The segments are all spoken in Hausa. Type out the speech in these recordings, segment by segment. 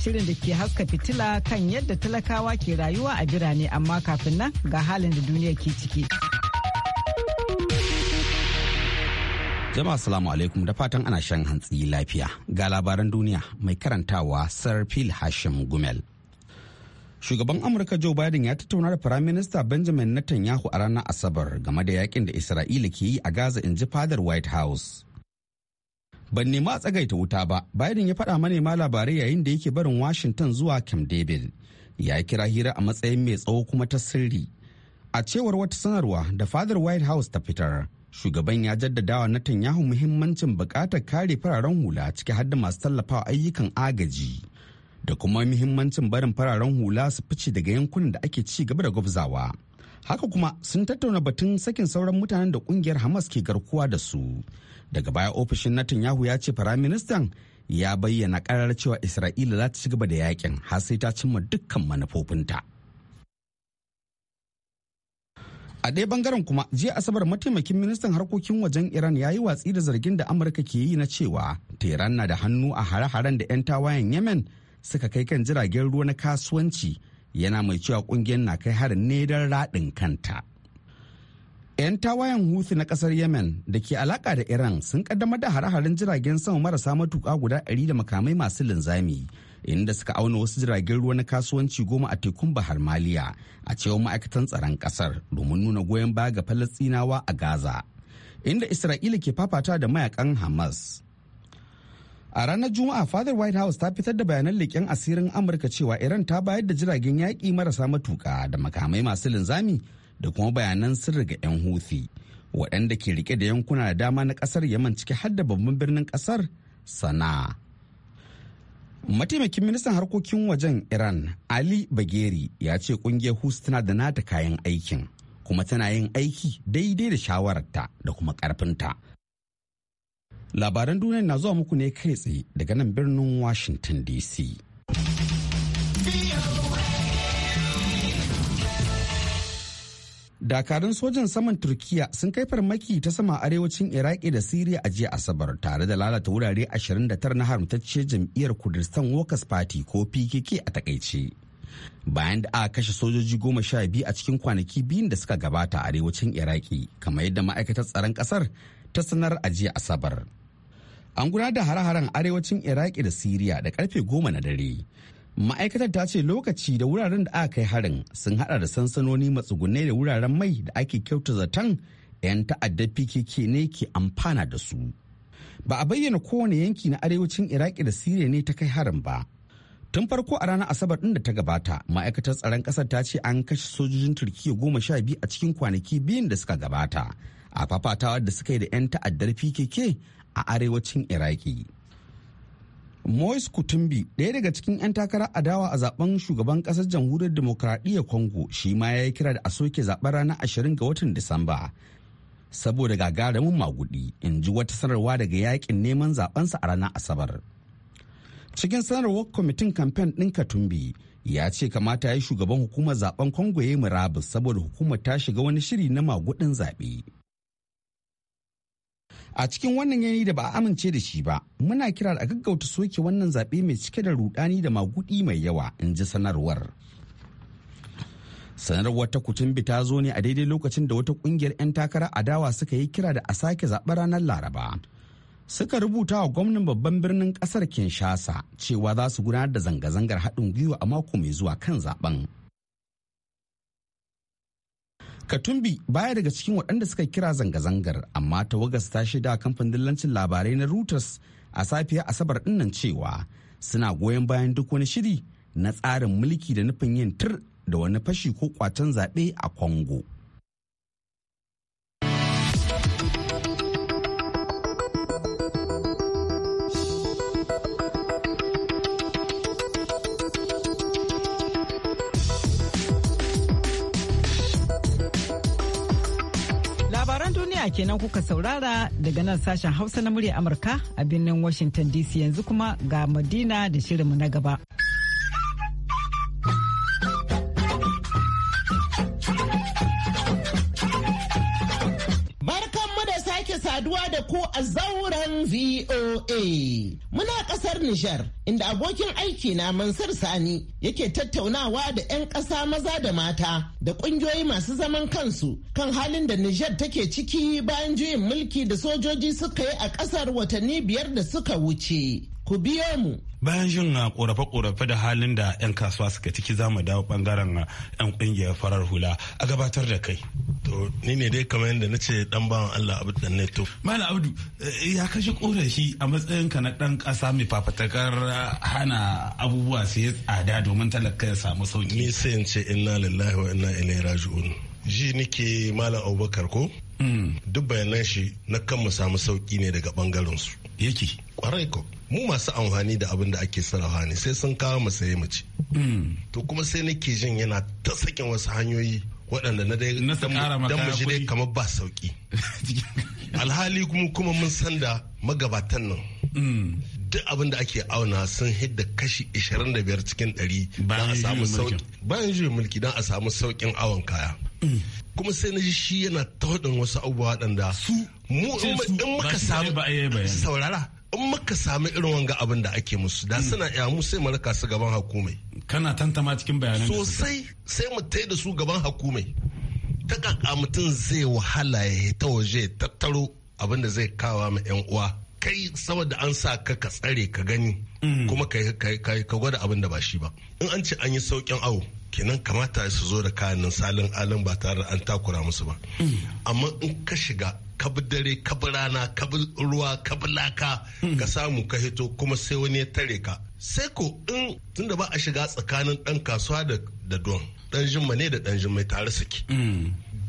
shirin da ke haska fitila kan yadda talakawa ke rayuwa a birane amma kafin nan ga halin da duniya ke ciki. Jama'a salamu alaikum da fatan ana shan hantsi lafiya ga labaran duniya mai karantawa Sir Phil Hashim Gumel. Shugaban Amurka Joe Biden ya tattauna da Firaminista Benjamin Netanyahu a ranar Asabar game da yakin da Isra'ila ke yi a Gaza in ji fadar White House. ban nema a tsagaita wuta ba biden ya faɗa manema labarai yayin da yake barin washington zuwa camp david ya kira hira a matsayin mai tsawo kuma ta sirri a cewar wata sanarwa da fadar white house ta fitar shugaban ya jaddadawa na tanyahu muhimmancin buƙatar kare fararen hula ciki har masu tallafawa ayyukan agaji da kuma muhimmancin barin fararen hula su fice daga yankunan da ake ci gaba da gwabzawa haka kuma sun tattauna batun sakin sauran mutanen da kungiyar hamas ke garkuwa da su daga baya ofishin netanyahu ya ce firaministan ya bayyana karar cewa isra'ila za ta ci gaba da yakin har sai ta cimma dukkan manufofinta a ɗaya bangaren kuma jiya asabar mataimakin ministan harkokin wajen iran ya yi watsi da zargin da amurka ke yi na cewa tehran na da hannu a hare-haren da 'yan tawayen yemen suka kai kan jiragen ruwa na kasuwanci yana mai cewa kungiyar na kai harin ne don raɗin kanta 'Yan tawayen hutu na kasar Yemen da ke alaka da Iran sun kaddamar da hare-haren jiragen sama marasa matuka guda 100 da makamai masu linzami, inda suka auna wasu jiragen ruwa na kasuwanci goma a tekun Bahar Maliya a cewar ma'aikatan tsaron kasar domin nuna goyon baya ga Falastinawa a Gaza, inda Isra'ila ke fafata da mayakan Hamas. A ranar Juma'a Fadar White House ta fitar da bayanan leƙen asirin Amurka cewa Iran ta bayar da jiragen yaƙi marasa matuka da makamai masu linzami da kuma bayanan sirri ga 'yan Houthi waɗanda ke rike da yankuna da dama na ƙasar Yaman ciki har da babban birnin ƙasar Sana'a. Mataimakin ministan harkokin wajen Iran Ali Bageri ya ce ƙungiyar Houthi tana da nata kayan aikin kuma tana yin aiki daidai da shawararta da kuma ƙarfinta. Labaran duniya na zuwa muku ne kai tsaye daga nan birnin Washington DC. dakarun sojan saman turkiya sun kai farmaki ta sama arewacin iraki da siriya a jiya asabar tare da lalata wurare 29 na haramtacciyar jam'iyyar kurdistan workers party ko pkk a takaice bayan da aka kashe sojoji goma sha biyu a cikin kwanaki biyun da suka gabata a arewacin iraki kamar yadda ma'aikatar tsaron kasar ta sanar a jiya asabar an gudanar da hare-haren arewacin iraki da siriya da karfe goma na dare ma'aikatar ta ce lokaci da wuraren da aka kai harin sun hada da sansanoni matsugunai da wuraren mai da ake kyauta zaton 'yan ta'addar pkk ne ke amfana da su ba a bayyana kowane yanki na arewacin iraki da siriya ne ta kai harin ba tun farko a ranar asabar din da ta gabata ma'aikatar tsaron kasar ta ce an kashe sojojin turkiya goma sha biyu a cikin kwanaki biyun da suka gabata a fafatawar da suka yi da 'yan ta'addar pkk a arewacin iraki Moise Kutumbi, ɗaya daga cikin 'yan takarar adawa a zaben shugaban ƙasar jamhuriyar demokradiyyar Congo, shi ma ya yi kira da a soke zaben ranar 20 ga watan Disamba. Saboda gagarumin magudi, in ji wata sanarwa daga yakin neman zabensa a ranar Asabar. Cikin sanarwar kwamitin kamfen ɗin Katumbi, ya ce kamata ya yi shugaban hukumar zaben Congo ya yi murabus saboda hukumar ta shiga wani shiri na magudin zaɓe. a cikin wannan yanayi da ba a amince da shi ba muna kira da a gaggauta soke wannan zaɓe mai cike da rudani da magudi mai yawa in ji sanarwar sanarwar ta kutumbi ta zo ne a daidai lokacin da wata kungiyar 'yan takara adawa suka yi kira da a sake zaɓen ranar laraba suka rubuta wa gwamnan babban birnin ƙasar kinshasa cewa za su gudanar da zanga-zangar haɗin gwiwa a mako mai zuwa kan zaben Katumbi baya daga cikin waɗanda suka kira zanga-zangar amma tawagas ta shaida kamfanin dillancin labarai na Reuters a safiya Asabar dinnan cewa suna goyon bayan duk wani shiri na tsarin mulki da nufin yin tur da wani fashi ko kwacen zaɓe a Congo. duniya kenan kuka saurara daga nan sashen hausa na murya amurka a birnin washington dc yanzu kuma ga madina da shirinmu na gaba. VOA. Muna kasar Nijar inda abokin aiki na Mansur Sani yake tattaunawa da 'yan ƙasa maza da mata da ƙungiyoyi masu zaman kansu kan halin da Nijar take ciki bayan juyin mulki da sojoji suka yi a ƙasar watanni biyar da suka wuce. ku biyo mu. Bayan jin korafe-korafe ah, da halin da 'yan kasuwa suka ciki za mu dawo bangaren 'yan ah, kungiyar farar hula a gabatar da kai. To ni ne dai kamar yadda na ce dan bawan Allah abu dan Neto. Malam Abdu eh, ya kashe korafi a matsayin ka na dan kasa mai fafatakar ah, hana abubuwa su yi tsada domin talaka ya samu sauki. Ni sai in ce inna lillahi wa inna ilaihi raji'un. Ji nike Malam Abubakar ko? Hmm. Duk bayanan shi na kan mu samu sauki ne daga bangaren su. Yake. Kwarai ko. mu masu amfani da abin da ake sarrafa ne sai sun kawo mu saye mace. Hmm. to kuma sai nake jin yana ta sakin wasu hanyoyi waɗanda na dai dan mu dai kamar ba sauki alhali kuma kuma mun san da magabatan nan hmm. duk abin da ake auna sun hidda kashi 25 cikin 100 don a samu sauki bayan juyin mulki don a samu saukin awon kaya hmm. kuma sai na ji shi yana ta wasu abubuwa waɗanda su mu in muka samu saurara in muka sami irin wanga abin da ake musu da suna mu sai mu su gaban hukumai kana tantama cikin bayanan sosai sai mu tai da su gaban hukumai ta kaka mutum zai wahala ya ta waje tattaro abin da zai kawa ma yan uwa kai saboda an sa ka ka tsare ka gani mm. kuma ka gwada abin da ba shi ba in an ce an yi saukin awo kenan kamata su zo da kayan nan salin alin ba tare da an takura musu ba amma in ka shiga kabi dare kabi rana kabi ruwa kabi laka ka samu ka hito kuma sai wani ya tare ka sai ko in tunda ba a shiga tsakanin dan kasuwa da don dan jimma ne da dan jimma tare suke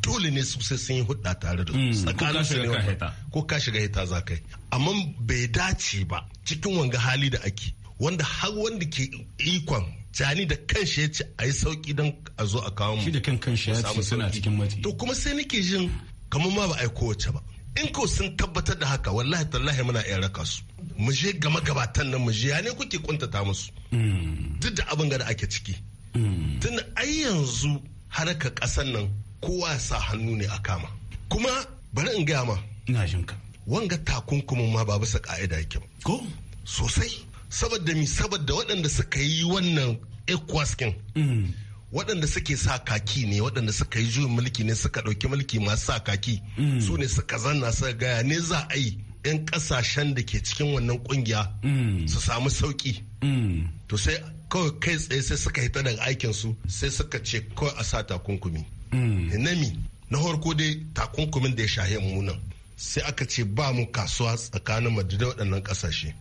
dole ne su sai sun yi hudda tare da mm. tsakanin su ne ko ka shiga hita za kai amma bai dace ba cikin wanga hali da ake wanda har wanda ke ikon jani da kanshi ya ce a yi sauki don a zo a kawo mu shi da kan kanshi ya ce suna cikin mati to kuma sai nake jin kamar ma ba a yi kowace ba in ko sun tabbatar da haka wallahi tallahi muna iya raka su mu je gama gabatan nan mu je ya ne kuke kuntata musu hmm. duk da abin da ake ciki hmm. tun ai yanzu haraka kasan nan kowa sa hannu ne a kama kuma bari in gaya ma ina jinka wanga takunkumin ma ba bisa ka'ida yake ba ko sosai saboda mi saboda waɗanda suka yi wannan ekwaskin mm. waɗanda suke sa kaki ne waɗanda suka yi juyin mulki ne suka ɗauki mulki masu sa kaki mm. su ne suka zanna sa gaya ne za a yi 'yan ƙasashen da ke cikin wannan ƙungiya mm. su samu sauƙi to sai kawai kai tsaye sai suka hita daga aikinsu sai suka ce kawai a sa takunkumi na mi na harko dai takunkumin da ya shahe munan sai aka ce ba mu kasuwa tsakanin mu da waɗannan ƙasashe.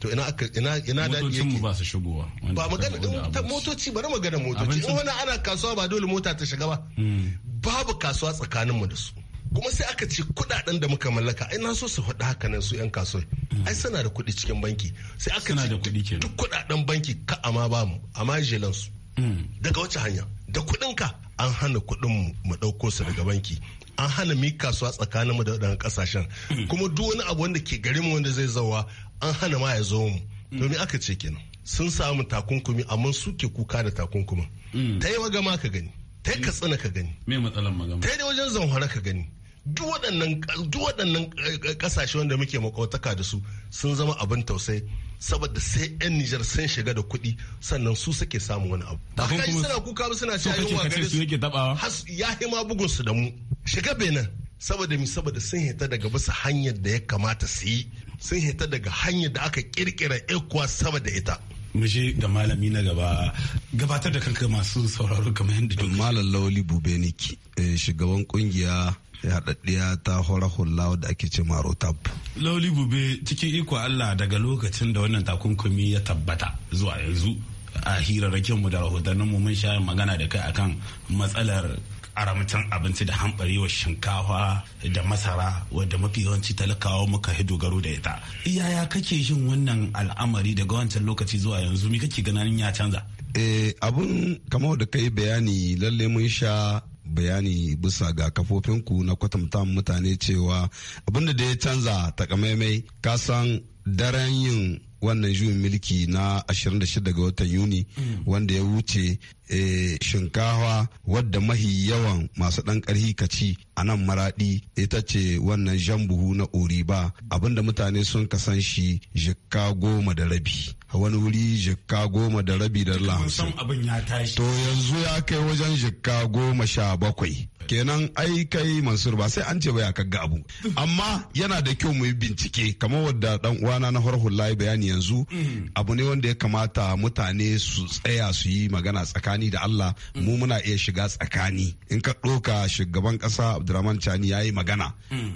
To ina aka ina ina da yake. Motocin ba su shigowa. Ba magana motoci bari magana motoci. In wani ana kasuwa ba dole mota ta shiga ba. Hmm. Babu kasuwa tsakanin mu da su. Kuma sai aka ce kuɗaɗen da muka mallaka ai na so su faɗi haka nan su 'yan kasuwa. Hmm. Ai suna da kuɗi cikin banki. Sai aka ce duk kuɗaɗen banki ka amma ba mu amma jelan su. Hmm. Daga wace hanya? Da kuɗinka an hana kuɗin mu ɗauko su daga banki an hana mi kasuwa tsakanin mu da kasashen mm. kuma duk wani abu wanda ke garin mu wanda zai zawa an hana ma ya zo mu mm. domin aka ce kenan sun samu takunkumi amma su ke kuka da takunkumin mm. ta yi magama ka gani ta yi katsina ka gani ta yi wajen zanhara ka gani duk waɗannan ƙasashe wanda muke makautaka da su sun zama abin tausayi saboda sai 'yan Nijar sun shiga da kuɗi sannan su suke samun wani abu. Da kai suna kuka ba suna cewa yunwa gare su ya hima bugun su da mu. Shiga Benin saboda mi saboda sun hita daga bisa hanyar da ya kamata su yi sun hita daga hanyar da aka kirkira ekuwa saboda ita. muje ga malami na gaba gabatar da kanka masu sauraro kamar yadda malam lauli bubeniki eh, shugaban kungiya yaɗaɗɗiya ta hora hula wadda ake ce marotab. Lauli Bube cikin iko Allah daga lokacin da wannan takunkumi ya tabbata zuwa yanzu a mu da mu mun sha magana da kai akan matsalar aramcin abinci da wa shinkafa da masara wadda mafi yawanci talakawa muka hi dogaro da ita Iyaya kake yin wannan al'amari daga wancan lokaci zuwa yanzu me kake ganin ya canza eh abun kamar da kai bayani lalle mun sha bayani bisa ga kafofinku na kwatanta mutane cewa abinda da ya canza takamaimai kasan daren yin wannan juyin mulki na 26 ga watan yuni mm. wanda ya wuce eh, shinkawa wadda mahi yawan masu ɗan ƙarhi kaci a nan maraɗi ita ce wannan jan buhu na oriba abinda mutane sun kasan shi jikka goma da rabi wani wuri jikka goma da rabi da lahansu to yanzu ya kai wajen jikka goma sha bakwai kenan ai kai mansur ba sai an ce ba ya ga abu amma yana da kyau mu yi bincike kamar wadda dan uwana na layi bayani yanzu abu ne wanda ya kamata mutane su tsaya su yi magana tsakani da Allah mu muna iya shiga tsakani in ka doka shugaban kasa Abdurrahman Chani yayi magana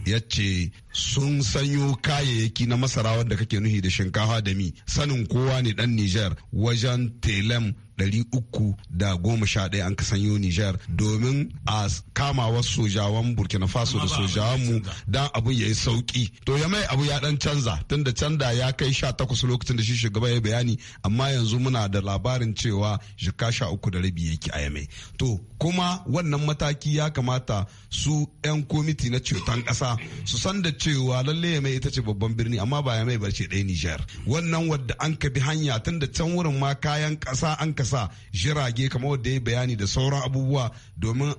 yace sun sanyo kayayyaki na masara wadda kake nuhi da shinkafa da mi sanin kowa ne dan Nijar wajen telem ɗari uku da goma sha ɗaya an sanyo Nijar domin a kamawa sojawan Burkina Faso da sojawan mu dan abu ya yi sauki. To ya mai abu ya dan canza tunda canza ya kai sha takwas lokacin da shi shugaba ya bayani amma yanzu muna da labarin cewa jika sha uku da rabi yake a yamai. To kuma wannan mataki ya kamata su 'yan komiti na ceton ƙasa su san da cewa lalle ya mai ita ce babban birni amma ba ya mai barce ɗaya Nijar wannan wadda an ka bi hanya tun da can wurin ma kayan ƙasa an ka sa jirage kamar wadda ya bayani da sauran abubuwa domin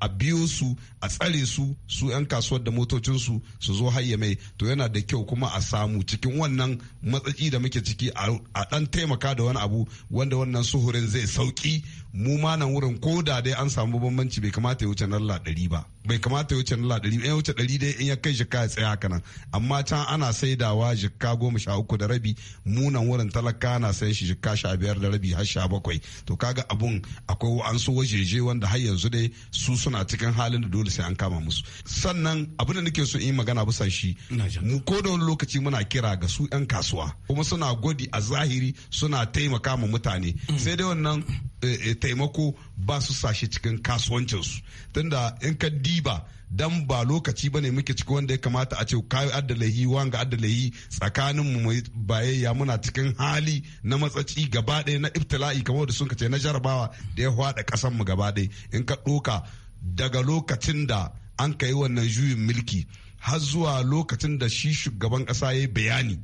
a biyo su a tsare su su 'yan kasuwar da motocin su su zo hayya mai to yana da kyau kuma a samu cikin wannan matsaki da muke ciki a ɗan taimaka da wani abu wanda wannan suhurin zai sauki mu ma nan wurin ko da dai an samu bambanci bai kamata ya wuce nalla ɗari ba bai kamata ya wuce nalla ɗari ya wuce ɗari dai in ya kai jika ya tsaya haka nan amma can ana saidawa jika goma sha uku da rabi mu nan wurin talaka na sayan shi jika sha biyar da rabi har sha bakwai to kaga abun akwai an so wajeje wanda har yanzu dai su suna cikin halin da dole sai an kama musu sannan abin da nake so in magana bisa shi mu ko da wani lokaci muna kira ga su 'yan kasuwa kuma suna gwadi a zahiri suna taimaka ma mutane mm. sai dai wannan eh, eh, taimako ba su sashi cikin kasuwancinsu tunda in ka diba dan ba lokaci ba ne muke ciki wanda ya kamata a ce kayi addalahi wanga addalahi tsakanin mu bayayya muna cikin hali na matsaci gaba ɗaya na ibtila'i kamar da sun ce na jarabawa da ya hwada ƙasar mu gaba ɗaya in ka ɗoka daga lokacin da an kai wannan juyin mulki har zuwa lokacin da shi shugaban ƙasa ya yi bayani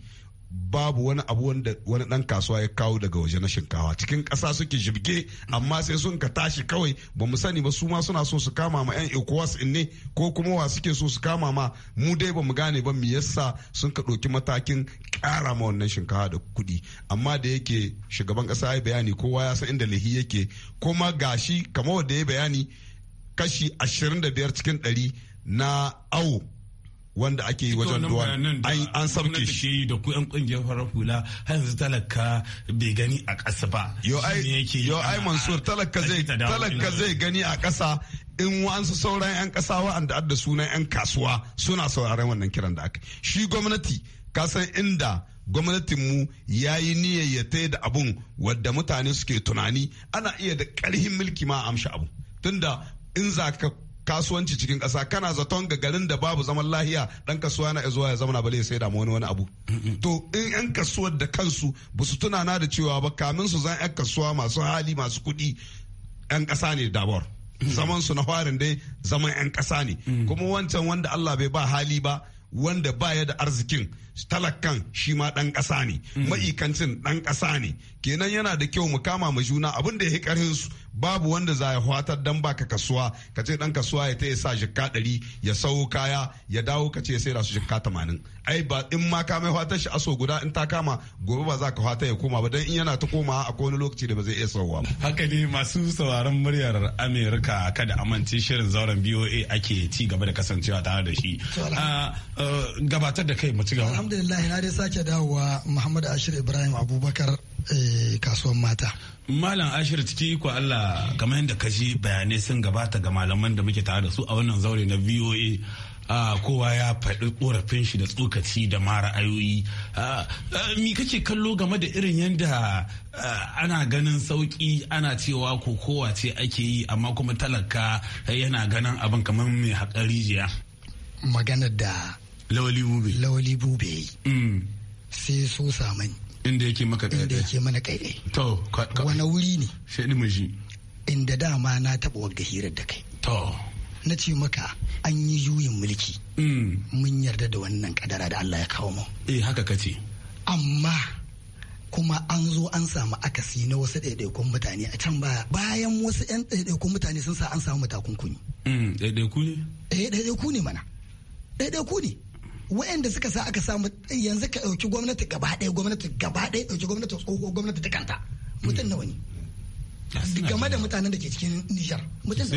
babu wani abu wanda wani dan kasuwa ya kawo daga waje na shinkawa cikin kasa suke jibge amma sai sun ka tashi kawai ba mu sani ba su ma suna so su kama ma yan ecowas in ne ko kuma wa suke so su kama ma mu dai ba mu gane ba mu yasa sun ka ɗauki matakin ƙara ma wannan shinkawa da kuɗi amma da yake shugaban kasa ya bayani kowa ya san inda lahi yake kuma gashi kamar wanda ya bayani kashi ashirin biyar cikin ɗari na awo wanda ake yi wajen duwan an samke shi da ku yan kungiyar farar hula har yanzu talaka bai gani a ƙasa ba yo ai yo ai mansur talaka zai talaka zai gani a ƙasa in wasu sauran yan ƙasa wa'anda adda sunan yan kasuwa suna sauraron wannan kiran da aka shi gwamnati ka san inda gwamnatinmu ya yi niyyar ya ta da abun wadda mutane suke tunani ana iya da ƙarhin mulki ma amshi abu tunda in za ka kasuwanci cikin kasa kana zaton ga garin da babu zaman lahiya dan kasuwa na zuwa ya zamana bale sai damu wani wani abu to in yan kasuwar da kansu ba su tuna na da cewa ba kamin su zan yan kasuwa masu hali masu kuɗi yan kasa ne dabar. zaman su na farin dai zaman yan kasa ne kuma wancan wanda Allah bai ba hali ba wanda baya da arzikin talakan shi ma ɗan ƙasa ne ma'ikancin dan kasa ne kenan yana da kyau mu kama mu juna abin da ya yi su babu wanda za a hwatar dan baka kasuwa ka ce dan kasuwa ya ta ya sa jikka ɗari ya sau kaya ya dawo ka ce sai da su jikka tamanin ai ba in ma ka mai hwatar shi aso guda in ta kama gobe ba za ka hwata ya koma ba dan in yana ta koma a wani lokaci da ba zai iya sauwa ba haka ne masu sauraron muryar amerika kada amince shirin zauren boa ake ci gaba da kasancewa tare da shi ah, eh, gabatar da kai mu ci gaba alhamdulillah na dai sake dawowa muhammad ashir ibrahim abubakar Eh, kasuwan mata. Malam Ashir ciki ko Allah kamar yadda ka ji bayanai sun gabata ga malaman da muke tare da su a wannan zaure na VOA a ah, kowa ya faɗi ƙorafin shi da tsokaci da mara ayoyi ah, ah, mi kake kallo game da irin yadda ana ganin sauƙi ana cewa kowa ce ake yi amma kuma talaka yana ganin abin kamar mai haƙari jiya Maganar da lawali bube lawali bube mm. sai so samai inda yake maka kaidai inda yake mana kaidai to wani wuri ne shi mu ji inda dama na taba wagga hirar da kai to na ce maka an yi juyin mulki mm. mun yarda da wannan kadara da Allah ya kawo mu eh haka kace amma kuma an zo an samu akasi na wasu ɗaiɗaikun mutane a can baya bayan wasu 'yan ɗaiɗaikun mutane sun sa an samu takunkumi. Mm, ɗaiɗaiku ne? eh ɗaiɗaiku ne mana ɗaiɗaiku ne wayanda suka sa aka samu yanzu ka ɗauki gwamnati gaba ɗaya gwamnati gaba ɗaya ɗauki gwamnati tsoho gwamnati ta kanta mutum nawa ne ah, game da mutanen da ke cikin Nijar mutum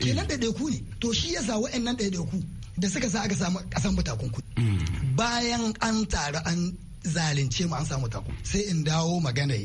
kenan ku ne to shi yasa wayannan ɗaiɗaiku da suka sa aka samu ƙasan mutakun mm. bayan an taru an zalince mu an samu taku sai in dawo magana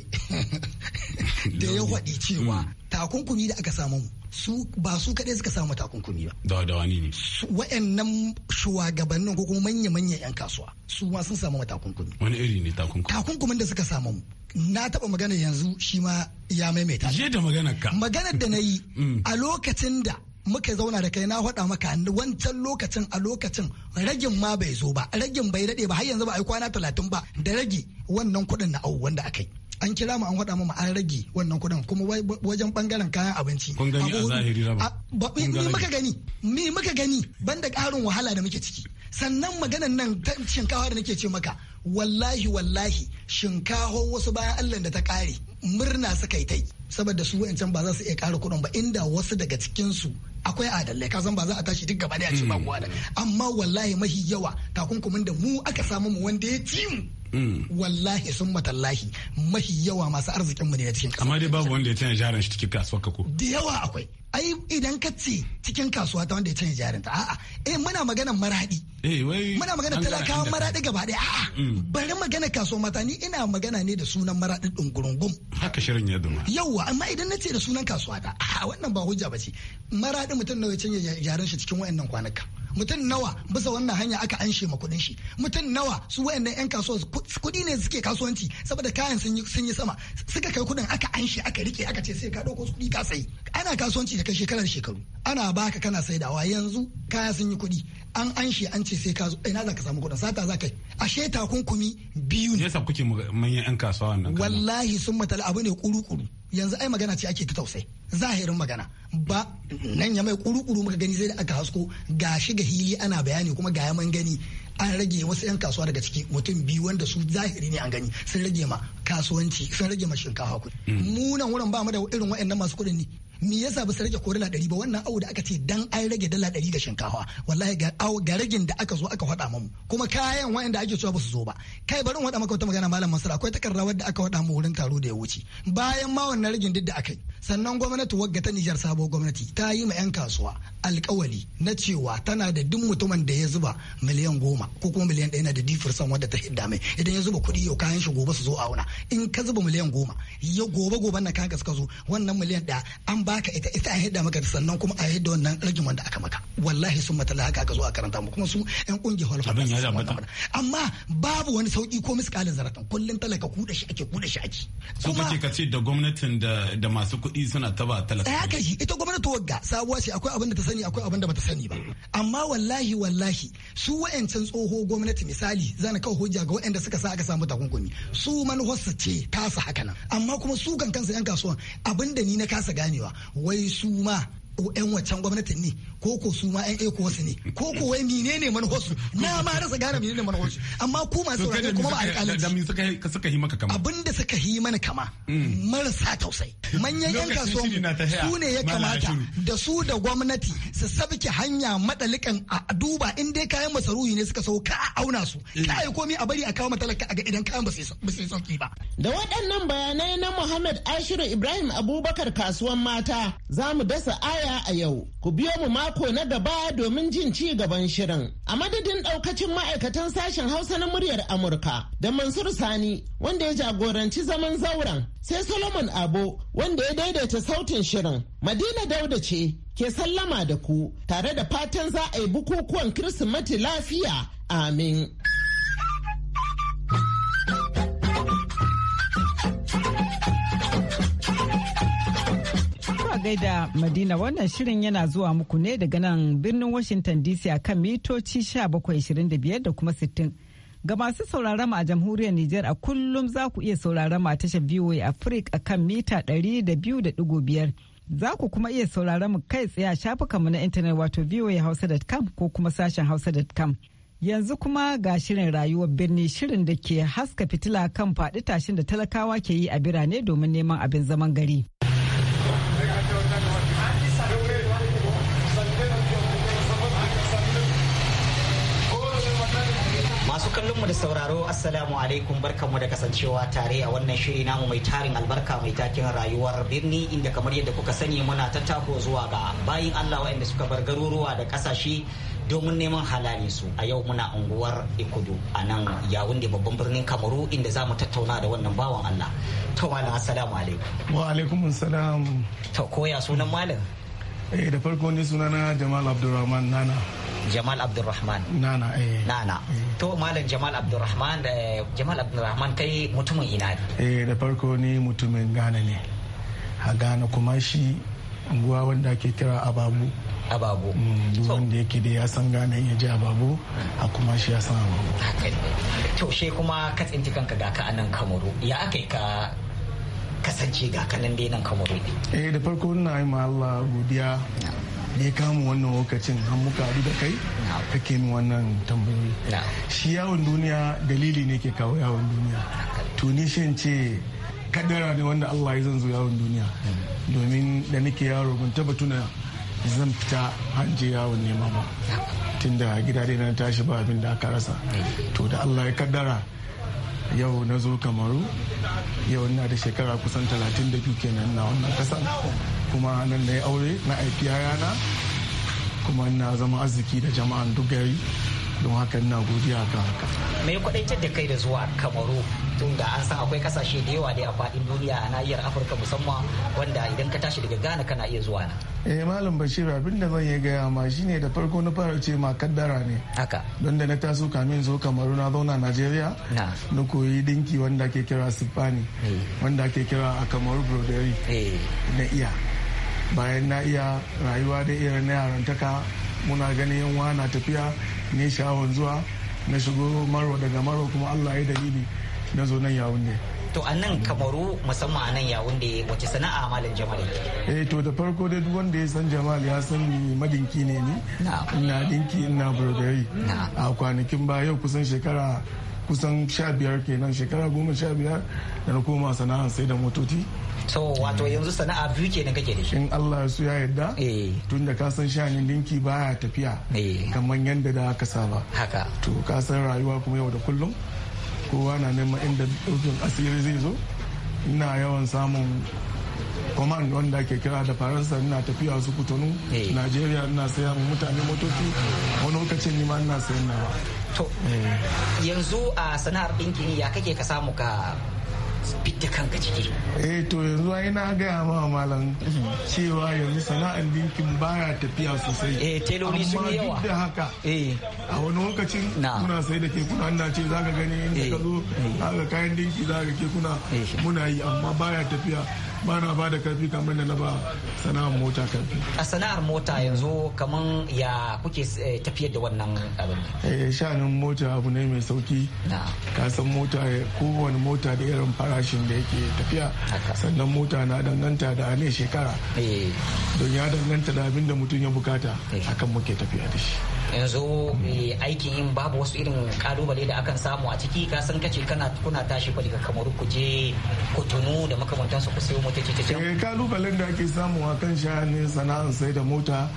da ya waɗi cewa mm. takunkumi da aka samu su ba su kaɗai suka samu takunkumi ba. Da da wani ne. Wa'annan shugabannin ko kuma manya manya 'yan kasuwa su ma sun samu takunkumi. Wani iri ne takunkumi? Takunkumin da suka samu na taɓa magana yanzu shi ma ya maimaita. Je da magana ka. Maganar da na yi mm. a lokacin da muka zauna da kai na faɗa maka wancan lokacin a lokacin ragin ma bai zo ba ragin bai daɗe ba har yanzu ba a yi kwana talatin ba da ragi wannan kuɗin na au wanda aka yi an kira mu an faɗa mu an rage wannan kuɗin kuma wajen bangaren kayan abinci. Kun gani a zahiri ba. Me muka gani? Me muka gani? Banda ƙarin wahala da muke ciki. Sannan maganan nan ta shinkawa da nake ce maka wallahi wallahi shinkaho wasu bayan Allah da ta ƙare murna suka yi ta yi. saboda su wa'ancan ba za su iya ƙara kuɗin ba inda wasu daga cikinsu akwai adalai san ba za a tashi duk gaba da ce ba hmm. da amma wallahi mahi yawa takunkumin da mu aka samu mu wanda ya ci mu hmm. wallahi sun matallahi mahi yawa masu arzikin mu ne cikin kasuwa amma dai babu wanda ya canza jarin shi cikin kasuwa ka ko da yawa akwai ai idan ka ce cikin kasuwa ta wanda ya canza jarin ta a'a eh muna magana maradi eh wai muna magana talakawa maradi gaba daya a'a hmm. bari magana kasuwa mata ni ina magana ne da sunan maradi dungurungum haka shirin ya duma yau yawwa amma idan na ce da sunan kasuwa ta a wannan ba hujja ba ce maraɗi mutum nawa ya canja yaren shi cikin wayannan kwanaka mutum nawa bisa wannan hanya aka anshe ma kuɗin shi mutum nawa su wayannan yan kasuwa kuɗi ne suke kasuwanci saboda kayan sun yi sama suka kai kuɗin aka anshe aka rike aka ce sai ka ɗauko kuɗi ka sai ana kasuwanci da kai shekarar shekaru ana baka kana saidawa yanzu kaya sun yi kuɗi an an shi an ce sai ka zo ina za ka samu kuɗin sata za ka yi ashe takunkumi biyu ne yasa kuke manyan yan kasuwa wannan wallahi sun matal abu ne kuru-kuru yanzu ai magana ce ake ta tausai zahirin magana ba nan ya mai kuru-kuru muka gani zai da aka hasko ga shi ga hili ana bayani kuma ga yaman gani an rage wasu 'yan kasuwa daga ciki mutum biyu wanda su zahiri ne an gani sun rage ma kasuwanci sun rage ma shinkafa kuɗi mm. mu wurin ba mu da irin waɗannan masu kuɗin ne me yasa ba su rage ko dala ɗari ba wannan awo da aka ce dan an rage dala ɗari da shinkafa wallahi ga awo ga ragin da aka zo aka faɗa mu kuma kayan da ake cewa ba su zo ba kai bari in faɗa maka wata magana malam masar akwai takarda wadda aka faɗa mu wurin taro da ya wuce bayan ma wannan ragin duk da aka yi sannan gwamnati wagga ta Nijar sabo gwamnati ta yi ma 'yan kasuwa alkawali na cewa tana da duk mutumin da ya zuba miliyan goma ko kuma miliyan ɗaya na da difirsan wadda ta hidda mai idan ya zuba kuɗi yau kayan shi gobe su zo auna in ka zuba miliyan goma ya gobe goben na kayan ka suka zo wannan miliyan ɗaya an baka ita ita a yadda maka sannan kuma a yadda wannan rajiman da aka maka wallahi sun mata lahaka ka zo a karanta mu kuma su yan kungiyar walfa amma babu wani sauki ko miskalin zaratan kullun talaka kuda shi ake kuda shi ake so kace ce da gwamnatin da da masu kuɗi suna taba talaka ya kai ita gwamnati wagga sabuwa ce akwai abin da ta sani akwai abin da bata sani ba amma wallahi wallahi su wa'ancan tsoho gwamnati misali zana kawo hujja ga wa'anda suka sa aka samu takunkumi su manuwarsa ce tasa haka nan amma kuma su kan kansa yan kasuwan abin da ni na kasa ganewa wai su ma 'yan wancan gwamnatin ne ko ko su ma yan eko wasu ne ko ko wai menene manhosu na ma rasa gane menene manhosu amma ku masu ne kuma ba alƙalanci da suka yi maka kama abinda suka yi mana kama mm. marasa tausayi manyan yan kasuwan su ne ya kamata da su da gwamnati su sabke hanya madalikan a duba in dai kayan masarufi ne suka sau ka a auna su eh. ka komai komi a bari a kawo matalaka a ga idan kayan ba su yi sauki ba da waɗannan bayanai na Muhammad Ashiru Ibrahim Abubakar kasuwan mata za mu dasa aya a yau ku biyo mu ma mako na gaba domin jin ci gaban shirin. A madadin daukacin ma'aikatan sashen Hausa na muryar Amurka da Mansur Sani wanda ya jagoranci zaman zauren sai Solomon Abo wanda ya daidaita sautin shirin. Madina Dauda ce ke sallama da ku tare da fatan za a yi bukukuwan Kirsimeti lafiya. Amin. da Madina wannan shirin yana zuwa muku ne daga nan birnin Washington DC a kan mitoci 1725 da kuma 60. Ga masu sauraron a jamhuriyar Nijar a kullum za ku iya sauraron a tashar VOA Africa a kan mita 200.5. Za ku kuma iya sauraron mu kai tsaye a shafukanmu na intanet wato voahausa.com ko kuma sashen hausa.com. Yanzu kuma ga shirin rayuwar birni shirin da ke haska fitila kan faɗi tashin da talakawa ke yi a birane domin neman abin zaman gari. kallonmu da sauraro assalamu alaikum barkanmu da kasancewa tare a wannan shiri namu mai tarin albarka mai takin rayuwar birni inda kamar yadda kuka sani muna ta tako zuwa ga bayin Allah waɗanda suka bar garuruwa da kasashe domin neman halali su a yau muna unguwar ikudu a nan yawun da babban birnin kamaru inda za mu tattauna da wannan bawan Allah to malam assalamu alaikum wa alaikum assalam to koya sunan malam eh da farko ni na Jamal Abdulrahman Nana Jamal Abdulrahman Nana eh Nana eh. to malam Jamal Abdulrahman eh, Jamal Abdulrahman kai mutumin ina ne eh da farko ni mutumin Ghana ne a Ghana kuma shi unguwa wanda ake kira Ababu ababu mm, duk wanda yake da ya san gane ya ji ababu a kuma shi ya san ababu to she kuma ka tsinci kanka ga ka anan kamaru ya aka ka kasance ga kanan dai kamar eh da farko na yi ma godiya da ya kama wannan lokacin har muka haɗu da kai kake min wannan tambayoyi shi yawon duniya dalili ne ke kawo yawon duniya tunishin ce kadara ne wanda allah ya zan zo yawon duniya mm-hmm. domin da nake yaro ban taba tuna zan fita hanje yawon nema ba tunda gida dai na tashi ba abin da aka rasa mm-hmm. to da allah ya kaddara yau na zo kamaru yau na da shekara kusan 32 kenan na wannan kasa kuma nan na yi aure na aiki yana kuma na zama arziki da jama'an duk gari don haka ina godiya ga haka me kwadaitar da kai da zuwa kamaru tun da an san akwai kasashe da yawa da a faɗin duniya a nahiyar afirka musamman wanda idan ka tashi daga ghana kana iya zuwa na eh malam bashir abin da zan yi gaya ma shine da farko na fara ce ma kaddara ne haka don da na taso kamin zo kamaru na zauna najeriya na koyi dinki wanda ake kira sifani eh. wanda ake kira a kamaru broderi eh. na iya bayan na iya rayuwa da irin na yarantaka muna ganin yan na tafiya ne sha'awar zuwa na shigo maro daga maro kuma allah ya dalili na zo nan yawun ne to a nan kamaru musamman a nan yawun da wace sana'a malam jamal eh to da farko da duk wanda ya san jamal ya san ni madinki ne ni ina dinki ina burgari a kwanakin ba yau kusan shekara kusan sha biyar kenan shekara goma sha biyar da na koma sana'a sai da motoci so wato yanzu sana'a biyu kenan kake da shi in Allah su ya yarda eh. tun da kasan shanin dinki baya tafiya eh. kamar yadda da aka saba haka to ka rayuwa kuma yau da kullum kowa na neman inda dukkan asiri zai zo ina yawan samun command wanda ke kira da faransa ina tafiya su kutonu eh. Nigeria ina saya mutane motoci wani lokacin nima ina sayan nawa to yanzu a sana'ar ɗinki ya kake ka samu ka fidda kanka ciki eh to yanzu ai na gaya ma malam cewa yanzu sana'ar dinkin baya tafiya sosai eh teloli sun yi yawa amma haka eh a wani lokacin muna sai da kekuna ina ce zaka gani in ka eh. zo zaka eh. kayan dinki zaka kekuna eh. muna yi amma baya tafiya ba na ba da karfi kamar da na ba sana'ar mota karfi a sana'ar mota yanzu kamar ya kuke eh, tafiyar da wannan abin eh sha'anin mota abu ne mai sauki ka san mota eh, kowane mota da irin farashin da yake tafiya sannan mota na danganta da ne shekara eh. don ya danganta da abin da mutum ya bukata akan muke tafiya da shi yanzu aikin yin babu wasu irin kalubale da akan samu a ciki ka san kace kana kuna tashi kwa daga kamaru ku je ku tunu da makamantansu ku sayo mota Eh, kalubalen da ake samu a kan sha'anin sana'ar sai da mota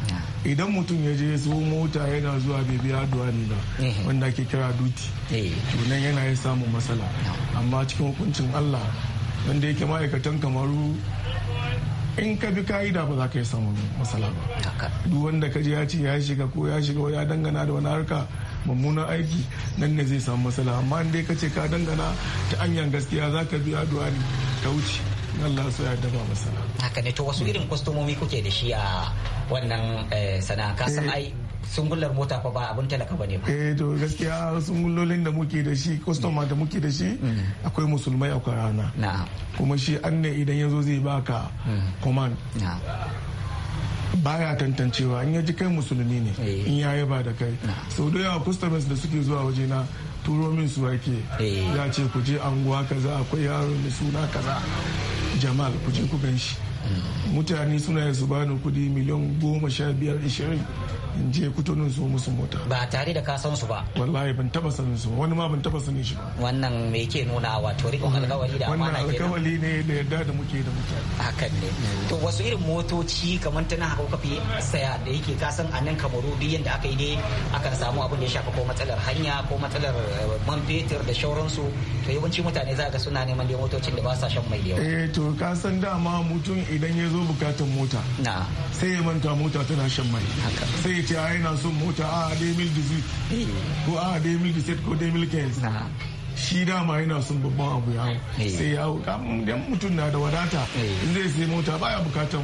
idan mutum ya je su mota yana zuwa bai biya duwani ba eh. wanda ake kira duti eh. tunan yana ya samun matsala amma cikin hukuncin allah wanda yake ma'aikatan kamaru in ka bi ka'ida ba za ka yi samun matsala ba duk wanda ka je ya ce ya shiga ko ya shiga ya dangana da wani harka mummunan aiki nan ne zai samu matsala amma in dai ka ce ka dangana ta hanyar gaskiya za ka biya duwani ta wuce Allah su ya daba masana haka ne to wasu irin kwastomomi kuke da shi a wannan eh, sana'a ka san eh. ai sungullar mota fa ba abin talaka ne ba eh to gaskiya sungullolin da muke da shi customer da muke da shi mm. akwai musulmai akwai rana kuma shi an ne idan yazo zai baka mm. command baya tantancewa in ya ji kai musulmi ne eh. in ya yaba da kai sau da yawa customers da suke zuwa waje na turo min su ake eh. ya ce ku je anguwa kaza akwai yaro mai suna kaza jamal ku je ku gan shi hmm. mutane suna su bani kudi miliyan goma sha biyar ishirin in je kutonin so musu mota ba tare da ka san su ba wallahi ban taba sanin su wani ma ban taba sanin shi ba wannan me yake nuna wato rikon alkawari da amana wannan alkawari ne da yadda da muke da mutane hakan ne to wasu irin motoci kamar tana haka kuka fi saya da yake ka san a nan kamaru duk yanda aka yi ne akan samu abin da ya shafa ko matsalar hanya ko matsalar eh, man fetur da shauransu to yawanci mutane za ga suna neman dai motocin da ba sa shan mai yawa eh to ka san dama mutum idan ya zo bukatun mota na sai ya manta mota tana shan mai sai ce a yana son mota a 2018 ko a 2017 ko 2015 shi dama yana son babban abu yawo eh. sai yawo dan mutum na da wadata eh. in zai sai mota baya bukatan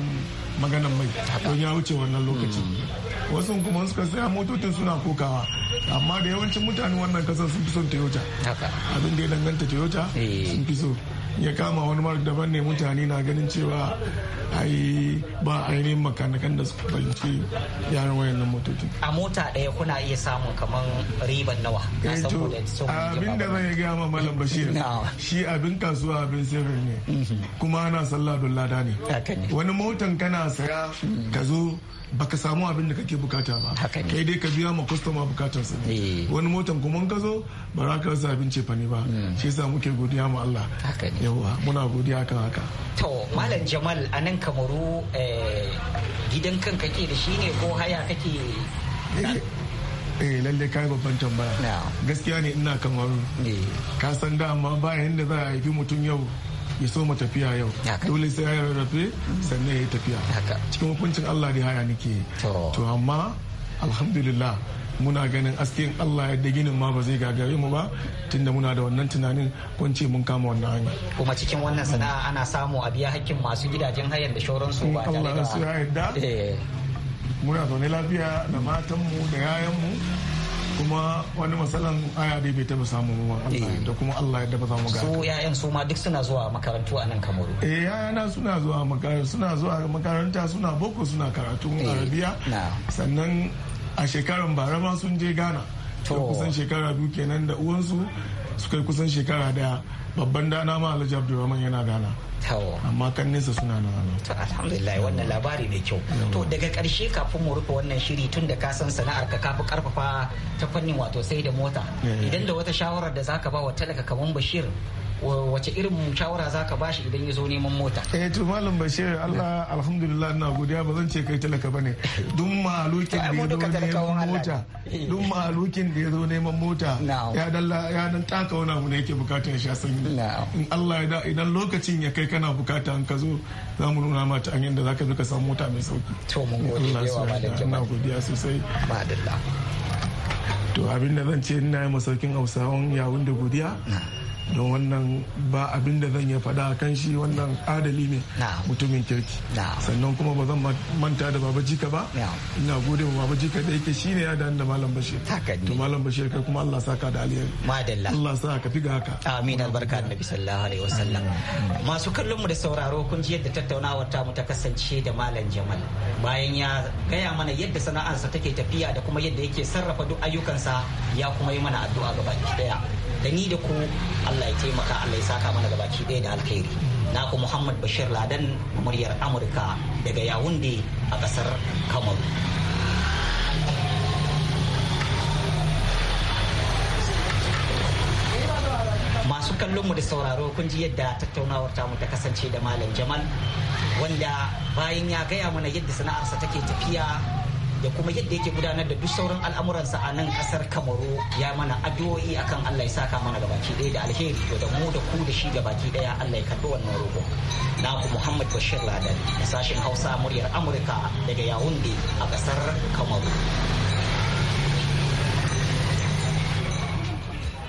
maganan mai don ya wuce wannan lokaci hmm. wasu kuma suka saya motocin suna kokawa amma da yawancin mutane wannan kasar sun fi son toyota abin da ya danganta toyota eh. sun fi so ya kama wani mark daban ne mutane na ganin cewa ai ba ainihin makanakan da suka fahimci yaran wayannan motocin a mota ɗaya kuna iya samun kamar riban nawa Na eh, abin da zai gaya ma malam bashir shi abin kasuwa abin sirri ne mhm. kuma ana sallah don lada ne wani motan kana saya ka zo baka samu abin da kake bukata ba kai dai ka biya ma kwastoma su ne eh. wani motan kuma ka zo ba za ka rasa abin cefa ba hmm. shi yasa muke godiya ma Allah yawa muna godiya kan haka to malam jamal a nan kamaru eh, gidan kan kake da shi ne ko haya kake eh, eh lalle kai babban tambaya gaskiya ne ina kamaru ka san da amma ba yanda za a haifi mutum yau ya so tafiya yau dole sai ya rarrafe sannan ya yi tafiya cikin hukuncin Allah da haya nake to amma alhamdulillah muna ganin askin Allah yadda ginin ma ba zai gagare mu ba tunda muna da wannan tunanin kun mun kama wannan hanya. Kuma cikin wannan sana'a ana samu a biya hakkin masu gidajen hayar da su ba da. Allah ya yarda. Eh. Muna zaune lafiya da matanmu da yayanmu kuma wani matsalan aya dai bai taɓa samu ba da kuma Allah ya dafa samu ga su yayan su ma duk suna zuwa makarantu a nan Kamaru eh yayana suna zuwa makaranta suna zuwa makaranta suna boko suna karatu eh, Arabiya sannan a shekaran bara ma sun je Ghana to kusan shekara biyu kenan da uwansu su kai kusan shekara daya babban dana ma Alhaji Abdulrahman yana Ghana amma kan nesa suna nan ana. to alhamdulillah wannan labari mai kyau to daga karshe kafin mu rufe wannan shiri tun da ka san sana'ar ka kafi karfafa ta fannin wato sai da mota eh. idan da wata shawarar da zaka ba wa talaka kaman Bashir wace irin shawara zaka bashi idan ya zo neman mota eh to malam bashir Allah alhamdulillah ina godiya ba zan ce kai talaka bane duk malukin da ya zo neman mota duk malukin da ya zo neman mota ya dalla ya dan taka wani abu ne yake bukatar ya sha sanyi in Allah ya da idan lokacin ya kai kana bukata an ka zo za mu nuna mata an yadda zaka zo ka samu mota mai sauki to mun gode yawa malam na godiya sosai madalla to abin da zan ce ina yi masaukin hausawan yawun da godiya don wannan ba abin da zan ya faɗa kan shi wannan adali ne mutumin kirki sannan kuma ba zan manta da baba jika ba ina gode wa baba jika da yake shine ya da malam bashir to malam bashir kai kuma Allah saka da aliyar madalla Allah sa ka fi ga haka amin albarka annabi sallallahu alaihi wasallam masu kallon mu da sauraro kun ji yadda tattaunawar ta mu ta kasance da malam Jamal bayan ya gaya mana yadda sana'arsa take tafiya da kuma yadda yake sarrafa duk ayyukansa ya kuma yi mana addu'a gaba ɗaya da ni da ku Allah ya taimaka Allah ya saka mana baki ɗaya da alkhairi Na ku Muhammad Bashir Ladan muryar Amurka daga Yawunde a ƙasar Kamaru. masu kallon mu da sauraro kun ji yadda tattaunawar tamu ta kasance da malam jamal wanda bayan ya gaya mana yadda sana'arsa take tafiya da kuma yadda yake gudanar da duk sauran al'amuransa a nan kasar kamaru ya mana addu'o'i akan allah ya saka mana gabaki ɗaya da alheri to da mu da ku da shi gabaki ɗaya allah ya karɓi wannan roƙo na ku muhammad bashir ladan da hausa muryar amurka daga yawunde a kasar kamaru